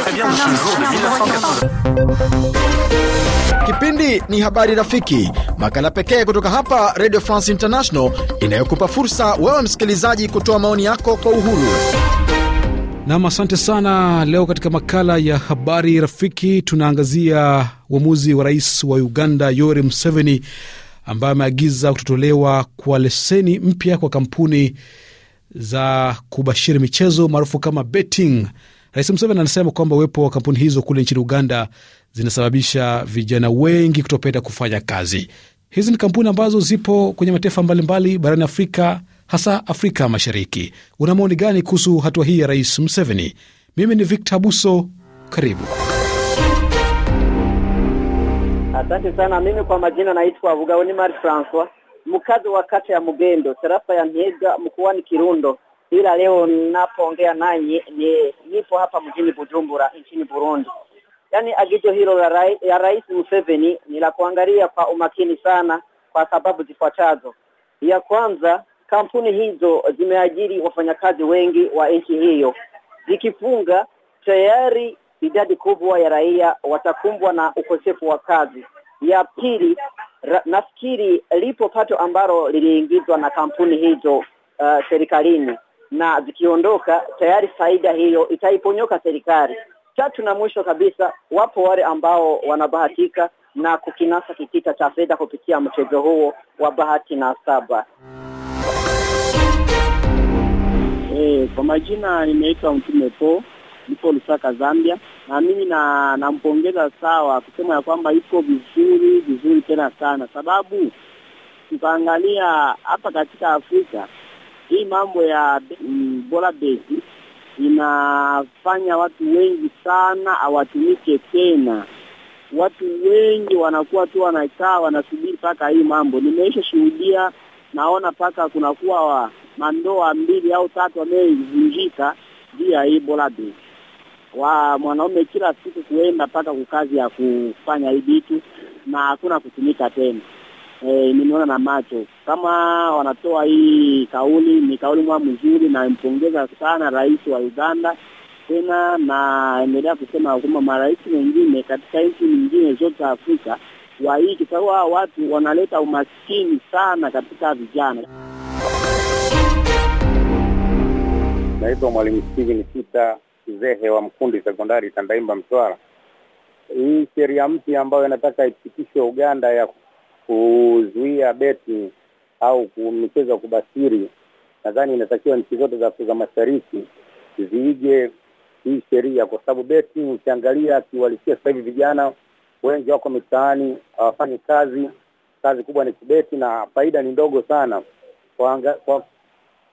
Très bien, Kipindi ni Habari Rafiki, makala pekee kutoka hapa Radio France International inayokupa fursa wewe msikilizaji kutoa maoni yako kwa uhuru. Nam, asante sana. Leo katika makala ya Habari Rafiki tunaangazia uamuzi wa rais wa Uganda Yoweri Museveni ambaye ameagiza kutotolewa kwa leseni mpya kwa kampuni za kubashiri michezo maarufu kama betting Rais Museveni anasema kwamba uwepo wa kampuni hizo kule nchini Uganda zinasababisha vijana wengi kutopenda kufanya kazi. Hizi ni kampuni ambazo zipo kwenye mataifa mbalimbali barani Afrika, hasa Afrika Mashariki. Una maoni gani kuhusu hatua hii ya Rais Museveni? Mimi ni Victor Buso, karibu. Asante sana. Mimi kwa majina naitwa Bugaoni Mari Francois, mkazi wa kata ya Mugendo, tarafa ya Ntega, mkoani Kirundo, ila leo ninapoongea nanyi ni lipo hapa mjini Bujumbura nchini Burundi. Yaani agizo hilo la rai, ya Rais Museveni ni la kuangalia kwa umakini sana kwa sababu zifuatazo. Ya kwanza, kampuni hizo zimeajiri wafanyakazi wengi wa nchi hiyo, zikifunga tayari idadi kubwa ya raia watakumbwa na ukosefu wa kazi. Ya pili, nafikiri lipo pato ambalo liliingizwa na kampuni hizo uh, serikalini na zikiondoka tayari faida hiyo itaiponyoka serikali. Tatu na mwisho kabisa, wapo wale ambao wanabahatika na kukinasa kitita cha fedha kupitia mchezo huo wa bahati na saba. E, kwa majina nimeitwa Mtume Po, nipo Lusaka, Zambia, na mimi na nampongeza sawa kusema ya kwamba iko vizuri vizuri tena sana, sababu tukaangalia hapa katika Afrika hii mambo ya mm, bora beti inafanya watu wengi sana hawatumike tena. Watu wengi wanakuwa tu wanakaa wanasubiri mpaka hii mambo. Nimeisha shuhudia, naona mpaka kunakuwa mandoa mbili au tatu wamevunjika juu ya hii bora beti wa mwanaume kila siku kuenda mpaka kukazi ya kufanya hii vitu na hakuna kutumika tena e, nimeona na macho kama wanatoa hii kauli, ni kauli mwa mzuri, na sana rais wa Uganda tena naendelea kusema kwamba marais wengine katika nchi nyingine zote za Afrika waiki sawa, watu wanaleta umaskini sana katika vijana. Naitwa Mwalimu Steven Sita Kizehe wa Mkundi Sekondari Tandaimba, Mtwara. Hii sheria mpya ambayo inataka ipitishwe Uganda ya kuzuia beti au michezo ya kubasiri, nadhani inatakiwa nchi zote za Afrika Mashariki ziige hii sheria, kwa sababu beti, ukiangalia kiuhalisia, sasa hivi vijana wengi wako mitaani, hawafanyi kazi. Kazi kubwa ni kubeti na faida ni ndogo sana kwa, anga, kwa,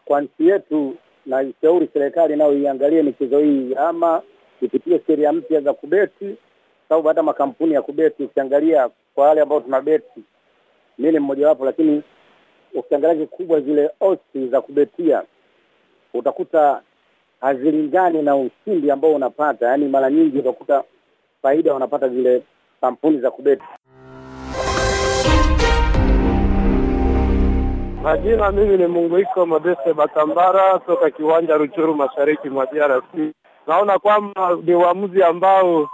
kwa nchi yetu. Naishauri serikali nayo iangalie michezo hii ama ipitie sheria mpya za kubeti, sababu hata makampuni ya kubeti ukiangalia kwa wale ambao tunabeti mi ni mmojawapo, lakini ukiangalia kikubwa, zile osi za kubetia utakuta hazilingani na ushindi ambao unapata. Yaani mara nyingi utakuta faida wanapata zile kampuni za kubeti. Majina, mimi ni Munguiko Modeste Batambara toka kiwanja Ruchuru, mashariki mwa DRC. Naona kwamba ni uamuzi ambao uh,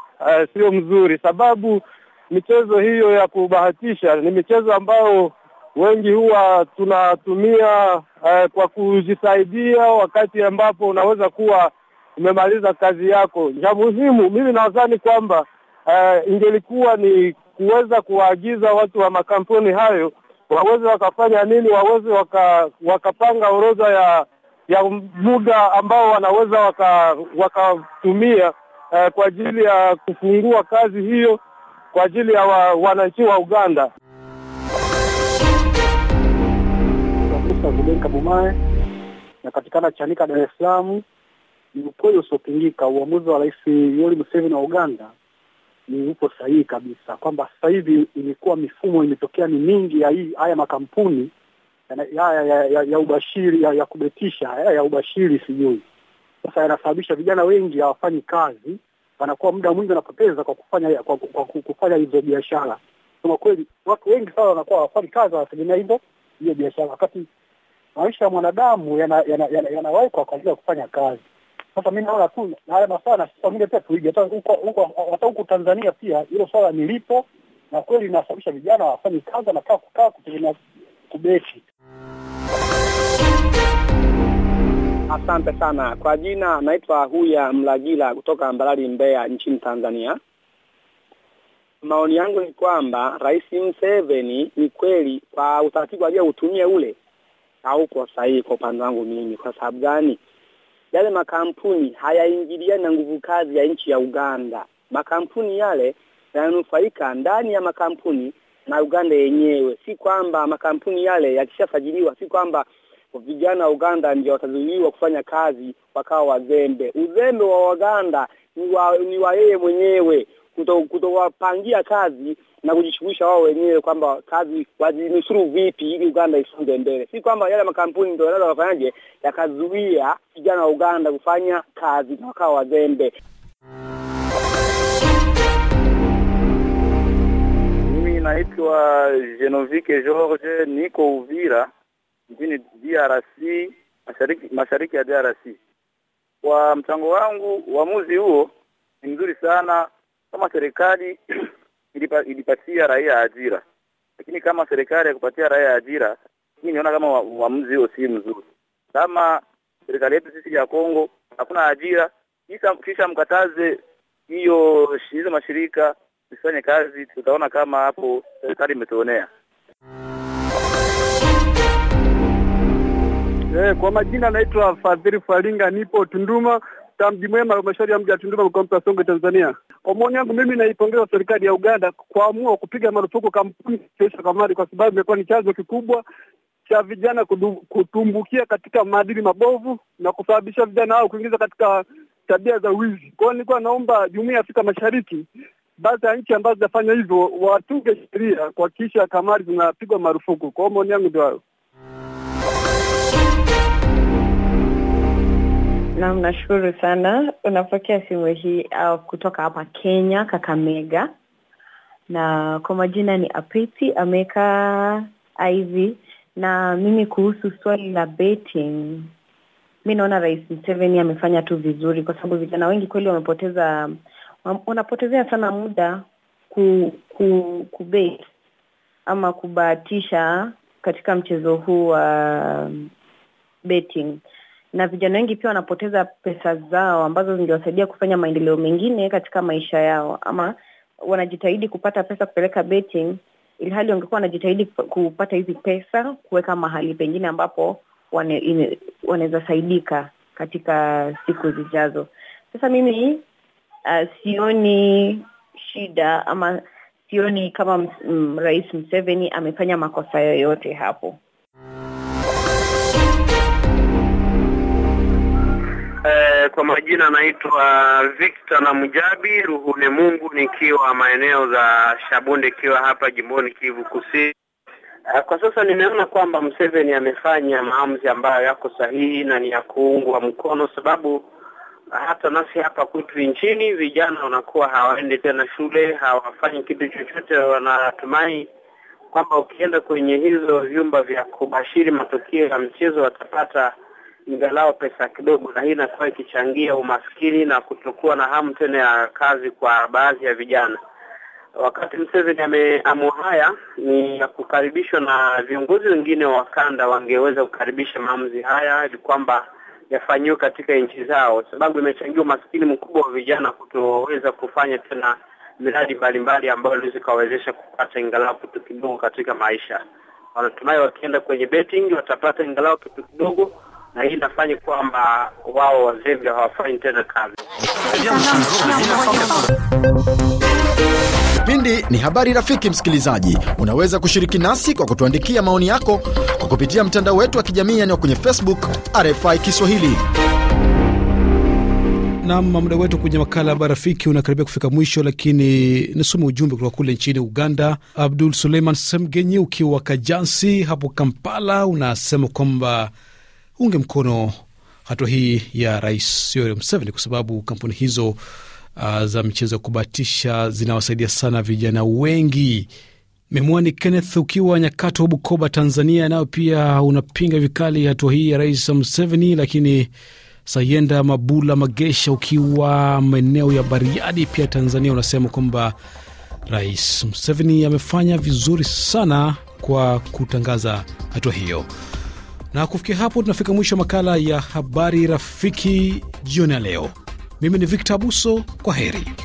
sio mzuri, sababu michezo hiyo ya kubahatisha ni michezo ambayo wengi huwa tunatumia eh, kwa kujisaidia wakati ambapo unaweza kuwa umemaliza kazi yako. Ya muhimu mimi nadhani kwamba eh, ingelikuwa ni kuweza kuwaagiza watu wa makampuni hayo waweze wakafanya nini, waweze waka, wakapanga orodha ya ya muda ambao wanaweza wakatumia waka eh, kwa ajili ya kufungua kazi hiyo kwa ajili ya wa, wananchi wa Uganda. Gulen Kabumae napatikana Chanika, Dar es Salaam. Ni ukweli usiopingika, uamuzi wa Rais Yoweri Museveni wa Uganda ni upo sahihi kabisa, kwamba sasa hivi ilikuwa mifumo imetokea ni mingi ya hii haya makampuni ya, ya, ya, ya, ya ubashiri ya, ya kubetisha ya, ya ubashiri sijui sasa yanasababisha vijana wengi hawafanyi kazi wanakuwa muda mwingi wanapoteza kwa kufanya kwa, kwa kufanya hizo biashara. Kwa kweli watu wengi sana wanakuwa hawafanyi kazi, wanategemea hizo hiyo biashara, wakati maisha ya mwanadamu yanawekwa kwa ajili ya kufanya kazi. Sasa mi naona tu na haya maswala pengine pia tuige hata huku Tanzania pia hilo swala nilipo na kweli inasababisha vijana hawafanyi kazi, wanakaa kukaa kutegemea kubeti. Asante sana kwa jina, naitwa Huya Mlagila kutoka Mbalali, Mbeya, nchini Tanzania. Maoni yangu ni kwamba Rais mseveni ni kweli, kwa utaratibu utumie ule hauko sahihi kwa upande wangu mimi. Kwa sababu gani? Yale makampuni hayaingiliani na nguvu kazi ya nchi ya Uganda. Makampuni yale yananufaika ndani ya makampuni na Uganda yenyewe, si kwamba makampuni yale yakishasajiliwa, si kwamba vijana wa Uganda ndio watazuiliwa kufanya kazi wakawa wazembe. Uzembe wa Waganda ni wa, ni wa yeye mwenyewe kutowapangia kuto kazi na kujishughulisha wao wenyewe kwamba kazi wajinusuru vipi ili Uganda isonge mbele, si kwamba yale makampuni ndio yanaweza kufanyaje yakazuia vijana wa Uganda kufanya kazi na wakawa wazembe. Mimi naitwa Genovike George, niko Uvira nchini DRC, mashariki mashariki ya DRC. Kwa mchango wangu, uamuzi huo ni mzuri sana kama serikali ilipa, ilipatia raia ajira, lakini kama serikali haikupatia raia ajira, mimi niona kama uamuzi huo si mzuri. Kama serikali yetu sisi ya Kongo hakuna ajira, kisha, kisha mkataze hiyo hizo mashirika zifanye kazi, tutaona kama hapo serikali imetuonea. Eh, kwa majina naitwa Fadhili Faringa, nipo Tunduma mji mwema, halmashauri ya mji wa Tunduma, mkoa wa Songwe, Tanzania. Kwa maoni yangu mimi, naipongeza serikali ya Uganda kuamua kupiga marufuku kampuni kusafirisha kamari, kwa sababu imekuwa ni chanzo kikubwa cha vijana kutumbukia katika maadili mabovu na kusababisha vijana hao kuingiza katika tabia za wizi. Kwa hiyo nilikuwa naomba jumuiya ya Afrika Mashariki, baadhi ya nchi ambazo zinafanya hivyo, watunge sheria kuhakikisha kamari zinapigwa marufuku. Kwa hiyo maoni yangu ndio hayo. Naam, nashukuru sana. Unapokea simu hii uh, kutoka hapa Kenya, Kakamega, na kwa majina ni Apeti Ameka Ivy, na mimi kuhusu swali la betting, mi naona Rais Museveni amefanya tu vizuri, kwa sababu vijana wengi kweli wamepoteza, wanapotezea sana muda ku, ku, kubet ama kubahatisha katika mchezo huu wa uh, betting na vijana wengi pia wanapoteza pesa zao ambazo zingewasaidia kufanya maendeleo mengine katika maisha yao, ama wanajitahidi kupata pesa kupeleka betting, ilhali wangekuwa wanajitahidi kupata hizi pesa kuweka mahali pengine ambapo wanaweza saidika katika siku zijazo. Sasa mimi uh, sioni shida ama sioni kama Rais mseveni amefanya makosa yoyote hapo. Kwa majina naitwa Victor na Mujabi Ruhune Mungu, nikiwa maeneo za Shabunde, ikiwa hapa jimboni Kivu Kusini. Ah, kwa sasa nimeona kwamba Museveni amefanya maamuzi ambayo yako sahihi na ni ya kuungwa mkono, sababu hata nasi hapa kwetu nchini vijana wanakuwa hawaendi tena shule, hawafanyi kitu chochote, wanatumai kwamba ukienda kwenye hizo vyumba vya kubashiri matukio ya mchezo watapata ingalao pesa kidogo, na hii inakuwa ikichangia umaskini na kutokuwa na hamu tena ya kazi kwa baadhi ya vijana. Wakati Mseveni ameamua haya ni ya kukaribishwa na viongozi wengine wa kanda wangeweza kukaribisha maamuzi haya ili kwamba yafanyiwe katika nchi zao, sababu imechangia umaskini mkubwa wa vijana kutoweza kufanya tena miradi mbalimbali ambayo inaweza ikawawezesha kupata ingalau kitu kidogo katika maisha. Wanatumai wakienda kwenye betting watapata ingalau kitu kidogo na hii inafanya kwamba wao wazee hawafanyi tena kazi. Kipindi ni habari rafiki. Msikilizaji, unaweza kushiriki nasi kwa kutuandikia maoni yako kwa kupitia mtandao wetu wa kijamii, yaani kwenye Facebook RFI Kiswahili. Nam, muda wetu kwenye makala ya barafiki unakaribia kufika mwisho, lakini nisome ujumbe kutoka kule nchini Uganda. Abdul Suleiman Semgenyi ukiwa Kajansi hapo Kampala unasema kwamba unge mkono hatua hii ya Rais Yoweri Museveni kwa sababu kampuni hizo uh, za michezo ya kubatisha zinawasaidia sana vijana wengi. Memwani Kenneth, ukiwa Nyakato wa Bukoba, Tanzania, nayo pia unapinga vikali hatua hii ya Rais Museveni, lakini Sayenda Mabula Magesha ukiwa maeneo ya Bariadi pia Tanzania, unasema kwamba Rais Museveni amefanya vizuri sana kwa kutangaza hatua hiyo. Na kufikia hapo, tunafika mwisho makala ya habari rafiki jioni ya leo. Mimi ni Victor Abuso, kwa heri.